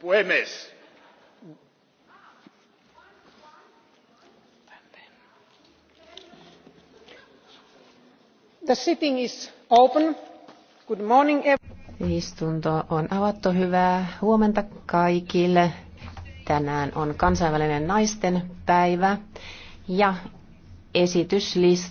puhemies istunto on avattu hyvää huomenta kaikille. tänään on kansainvälinen naisten päivä ja esityslista